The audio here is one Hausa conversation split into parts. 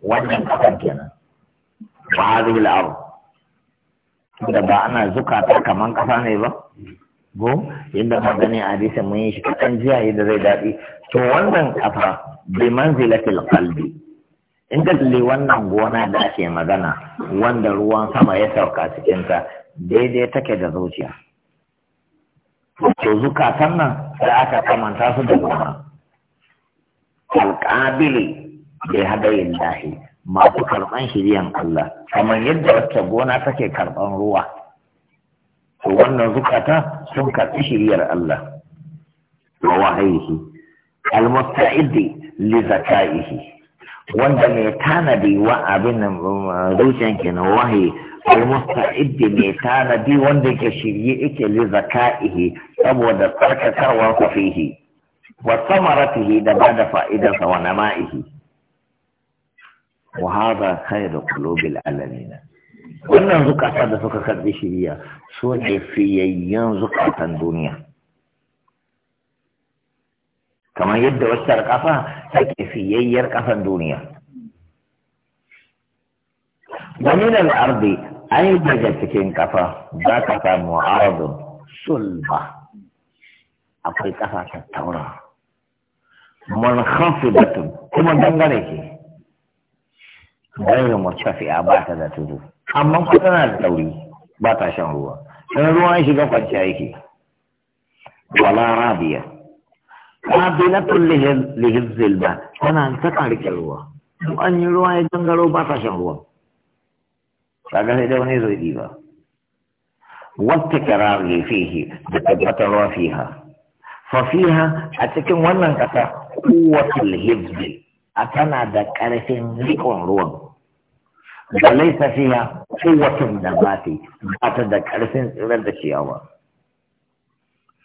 wannan kasar kenan ba a al da ba ana zukata kamar kasa ne ba go inda ka gani a hadisin mun yi shi kaɗan jiya yadda zai daɗi to wannan kafa bi manzilatil qalbi in ka tuli wannan gona da ake magana wanda ruwan sama ya sauka cikinta daidai take da zuciya to zukatan nan sai aka kamanta su da gona alƙabili bi hadayin lahi masu karɓan shiriyan Allah kamar yadda wata gona take karɓan ruwa to wannan zukata sun karɓi shiriyar Allah wa wahayihi almusta'idi li zakaihi wanda mai tanadi wa abin um, zuciyan kenan wahayi almusta'idi mai tanadi wanda ke shirye yake li zakaihi saboda tsarkakarwa ku fihi wa samaratihi da bada fa'idarsa wa nama'ihi وهذا خير قلوب العالمين وأن زكاة دفك خدش هي سوج في أيام زكاة الدنيا كما يبدو وستر كفا سك في أيام كفا الدنيا ومن الأرض أي بجة تكين كفا ذاك معارض صلبة أقول كفا تتورا منخفضة كما دنگاريكي gairu mutafi'a ba ta da tudu amma fa tana da tauri ba ta shan ruwa sai ruwa ya shiga kwanciya yake wala rabiya qabilatul lihizzil ba tana ta karike ruwa in an yi ruwa ya gangaro ba ta shan ruwa kaga sai da wani zai ba. wata kirari fihi da ruwa fiha fa fiha a cikin wannan kasa kuwatul hizbi أتنا ذكرت ذكر روان وليس فيها قوة نباتي ذات ذكرت رد شياوة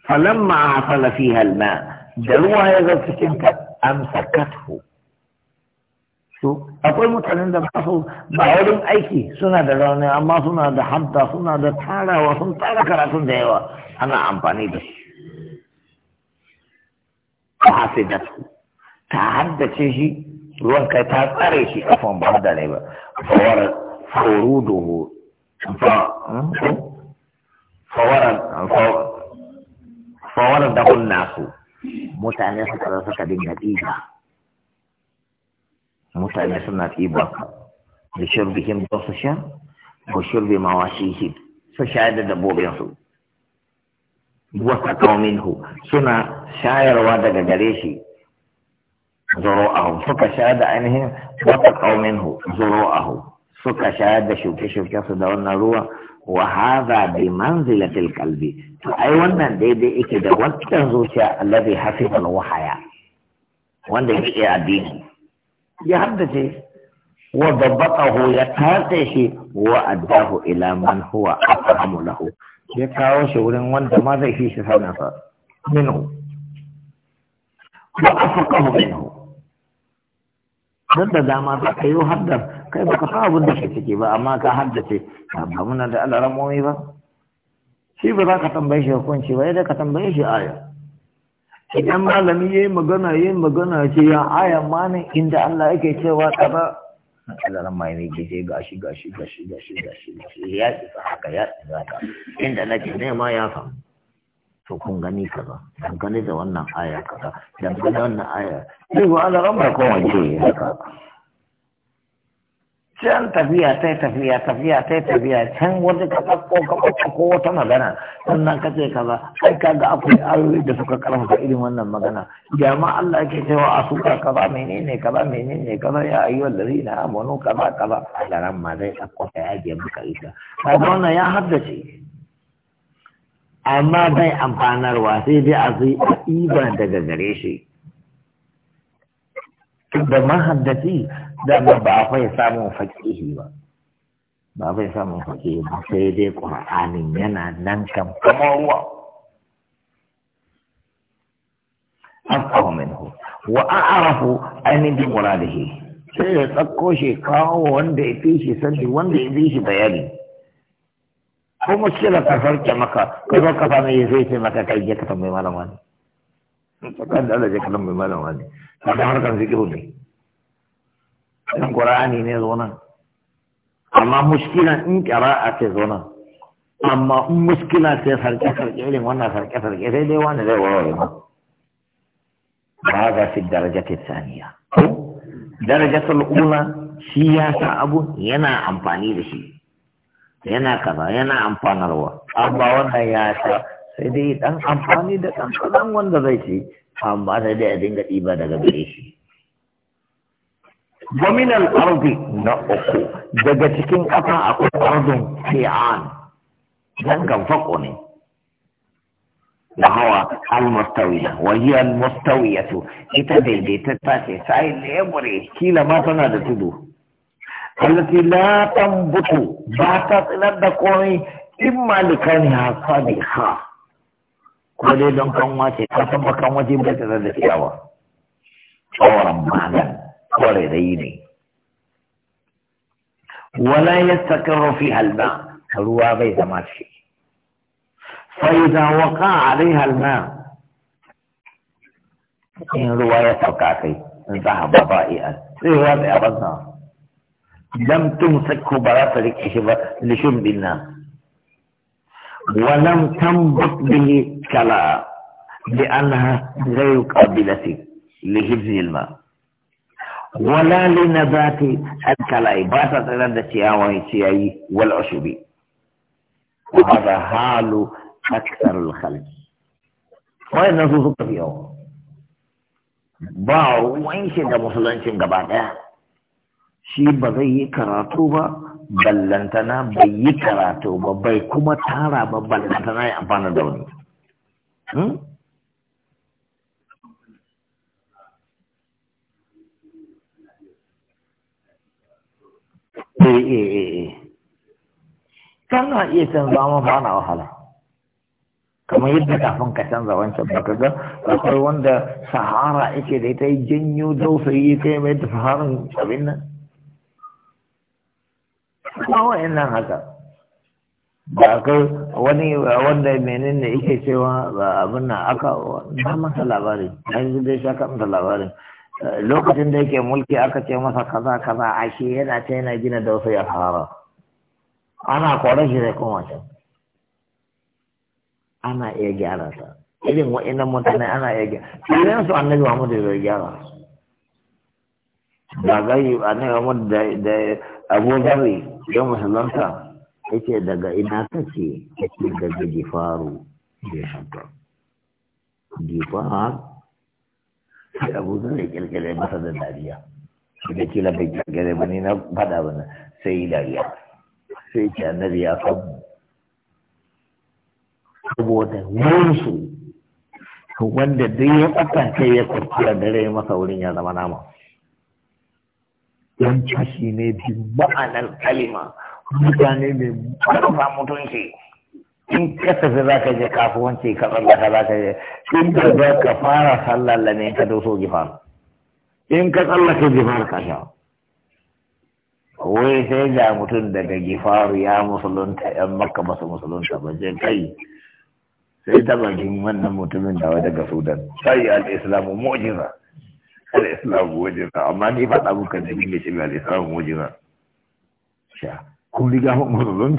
فلما عطل فيها الماء دروا هذا السكنك أمسكته شو أقول متعلم ده ماسو بعورم أيكي سنة ده أما سنة ده سنة ده تارا وسنة تارا كراسون أنا أمباني بس حاسدته تعدى شيء ruwan kai ta tsare shi kafan ba da rai ba fawar furuduhu fawar da hunna su mutane suka zo suka dinga ɗiba mutane suna ɗiba da shirbihim don su sha ko shirbi ma washihim su shayar da dabbobinsu wata kauminhu suna shayarwa daga gare shi zoro'ahu suka sha da ainihin wata ƙauminhu zoro'ahu suka sha da shuke-shuke su da wannan ruwa wa haza bi manzilatil kalbi to ai wannan daidai yake da wancan zuciya allazi hafizal wahaya wanda ya iya addini ya haddace wa dabbaqahu ya tace shi wa addahu ila man huwa afhamu lahu ya kawo shi wurin wanda ma zai fi shi sauna sa minhu wa afqahu minhu don da dama za ka yi haddar kai ba ka abin da ke ciki ba amma ka haddace ba muna da alaramomi ba shi ba za ka tambaye shi hukunci ba yadda ka tambaye shi aya idan malami ya yi magana ya yi magana ce ya aya ma inda Allah yake cewa kaza alaram mai ne ke ce gashi gashi gashi gashi gashi ya isa haka ya isa haka inda nake nema ya samu to kun gani kaza dangane da wannan aya kaza dangane da wannan aya sai ko Allah ran ba koma je haka can tafiya ta tafiya tafiya ta tafiya can wata ka ɗauko ka ko wata magana sannan ka ce kaza ai ka ga akwai ayoyi da suka karanta irin wannan magana jama'a Allah yake cewa a suka kaza menene kaza menene kaza ya ayyuhal ladina amanu kaza kaza Allah ran ma zai ɗauko ta yage maka ita kaga wannan ya haddace amma bai amfanarwa sai dai a zai a daga gare shi da mahaddasi da ba ba fai samun fakihi ba ba fai samun fakihi ba sai dai ƙur'anin yana nan kan kamar ruwa afqahu minhu wa a'rafu ainihin da shi. sai ya tsakko shi kawo wanda ya fi shi sanji wanda ya fi shi bayani ko mushkila ka farke maka ko zo ka samu yi zai ce maka kai je ka tambayi malam wani kan da Allah je ka tambayi malam wani ka da harkan zikiru ne kan qur'ani ne zo nan amma mushkila in qira'a ce zo nan amma in mushkila ce farke farke irin wannan farke farke sai dai wani zai warware ma ba ga fi darajati saniya darajatul ula shi ya sa abu yana amfani da shi yana kaza yana amfanarwa amma wannan ya sha sai dai dan amfani da dan kadan wanda zai ci amma sai dai a dinga ɗiba daga gare shi ومن na uku daga cikin ƙasa akwai ardun fi'an dan kan fako ne da hawa almustawiya wa hiya almustawiyatu ita daidaitatta ce sai lebure kila ma tana da tudu التي لا تنبت باتا الى قومي إما لكانها صالحة كل واتي واتي بيت كل ديني ولا يستقر فيها الماء هو بيت ماشي فإذا وقع عليها الماء إن رواية توقع ذهب ضائعا رواية أبدا لم تمسكه براسك لشرب الناس ولم تنبط به كلا لأنها غير قابلة لحفظ الماء ولا لنبات الكلاء باتت عند السياوي والعشب وهذا حال أكثر الخلق وين نصوص في يوم باعوا وين شد مسلمين شنقبات shi ba zai yi karatu ba ballantana bai yi karatu ba bai kuma tara ba ballantana ya amfana da wani hmm? eh, eh, eh, kana iya canza ma ba na wahala kamar yadda kafin ka canza wancan ba ga akwai wanda sahara ake da ita janyo dausayi kai mai da saharan abin nan ba nan haka ba kai wani wanda menene yake cewa abin nan aka na masa labarin yanzu dai shaka masa labarin lokacin da yake mulki aka ce masa kaza kaza shi yana ta yana gina da wasu yasara ana kore shi zai koma can ana iya gyara ta irin nan mutane ana iya gyara su annabi Muhammadu ya gyara su ba gayi a nan amur da abu gari ya musulunta ce daga ina ya ce daga gifaru da shanta gifar sai abu zai kirkire masa da dariya da kila bai kirkire ba ne na fada ba sai dariya sai na ya samu saboda yansu wanda duk ya kwatanta ya ya kwanciya dare masa wurin ya zama nama yan tashi ne bi ma'anar kalima mutane mai ƙarfa mutunci in ka za ka je kafuwanci ka tsallaka za ka je in ka za ka fara sallalla ne ka doso gifar in ka tsallaka gifar ka sha wai sai ga mutum daga gifaru ya musulunta yan makka ba su musulunta ba je kai sai ta wannan mutumin dawa daga sudan sai al-islamu mu'jiza al'islamu waje amma ni faɗa muka da ne ce al'islam waje sha kun riga mu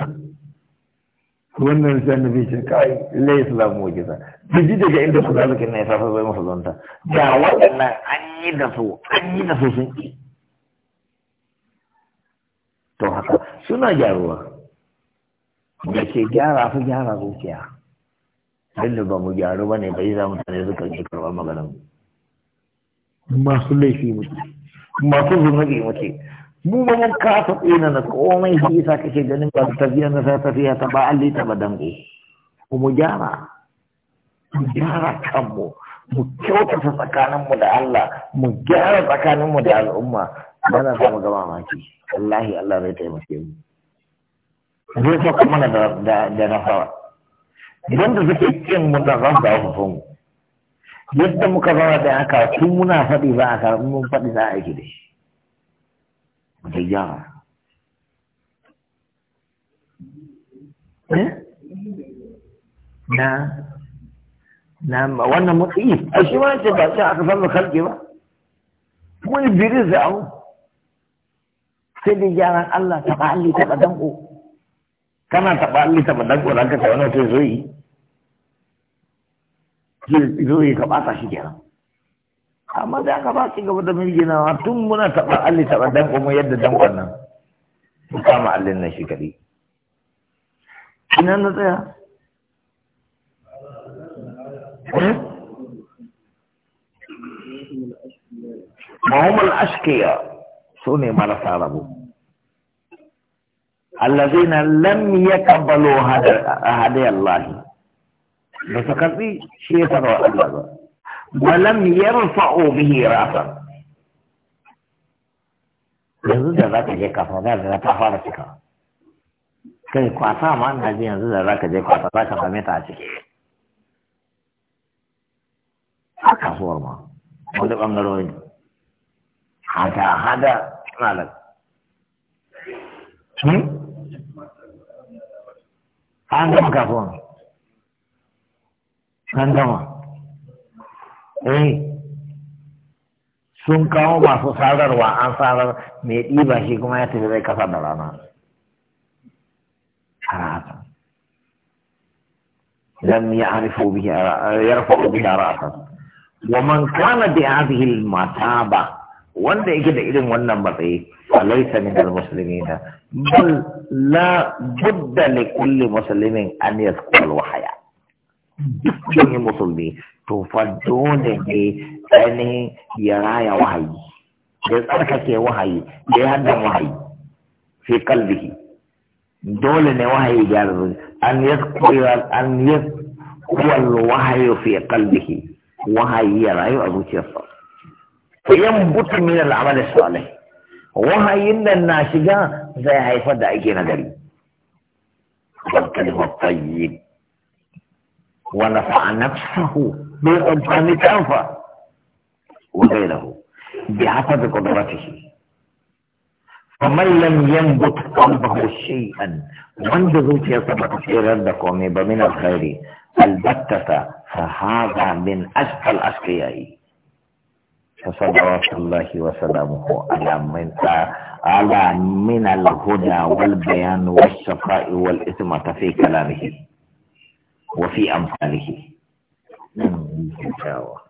wannan sai kai lai islamu waje daga inda ku sa fa zai musulun ta da waɗannan an yi da su an yi da su sun ki to haka suna gyaruwa da ke gyara fa gyara zuciya ba mu gyaru ba ne bai za mutane suka yi karɓar maganar mu masu laifi muke masu zunubi muke mu ba mun kasa tsina na komai shi yasa kake ganin ba biya na tafiya ta ba alli ta ba ku mu gyara mu gyara kanmu mu kyautata tsakaninmu da Allah mu gyara tsakaninmu da al'umma bana na mu gama maki wallahi Allah zai taimake mu zai sauka kuma da da nasawa idan da suke cin mu da zan da hukunmu yadda muka zama da haka tun muna faɗi ba a karɓi mun faɗi za a aiki da shi da yawa eh? na na wannan mutu eh, a shi ma ce ba ce aka san mu kalke ba kuma ibiris da abu sai da gyara Allah taɓa ta ba danko kana taɓa ta ba danko da aka ta wani sai zo yi zo yi ka ba shi kenan amma da aka ba ki gaba da mil ginawa tun muna taba alli taba dan kuma yadda dan wannan su kama allin nan shekari kinan na tsaya eh? Mahum al-ashkiya su ne marasa rabu. Allah zai na lam yakabalo hadayallahi. hadayar فتكرني شيء تروى الله ولم يرفعوا به رأسا يزو جزا كجي كفا دا جزا تحوى رسكا كي قواتا ما نجي يزو جزا كجي قواتا دا كفا ميتا جي حكا فور ما قلت بام نروين حتى حدا مالك هم؟ أنا مكافون 三张嘛。哎，松冈嘛是三张的话，俺三张每一百西公安就是在搞三张了嘛，差啥子？لم يعرفوا به يرفعوا به راسا ومن كان بهذه المتابة وانت اجد الى ونم بطي فليس من المسلمين بل لا بد لكل مسلم ان يذكر الوحيات cikin musulmi to fa dole ne ainihin ya raya wahayi ya tsarkake wahayi ya yi haddan wahayi fi kalbihi dole ne wahayi gyara zuci an yi an yi kuwal wahayi fi kalbihi wahayi ya rayu a zuciyarsa yan butu min al'amal salih wahayin nan na shiga zai haifar da ake nagari wal kalimat tayyib ونفع نفسه بالقرآن كأنفع وغيره بحسب قدرته فمن لم ينبت قلبه شيئا من ذوت يصبح إرادك وميب من الخير البتة فهذا من أشقى الأشقياء فصلوات الله وسلامه على من على من الهدى والبيان والشفاء والإثمة في كلامه وفي أمثاله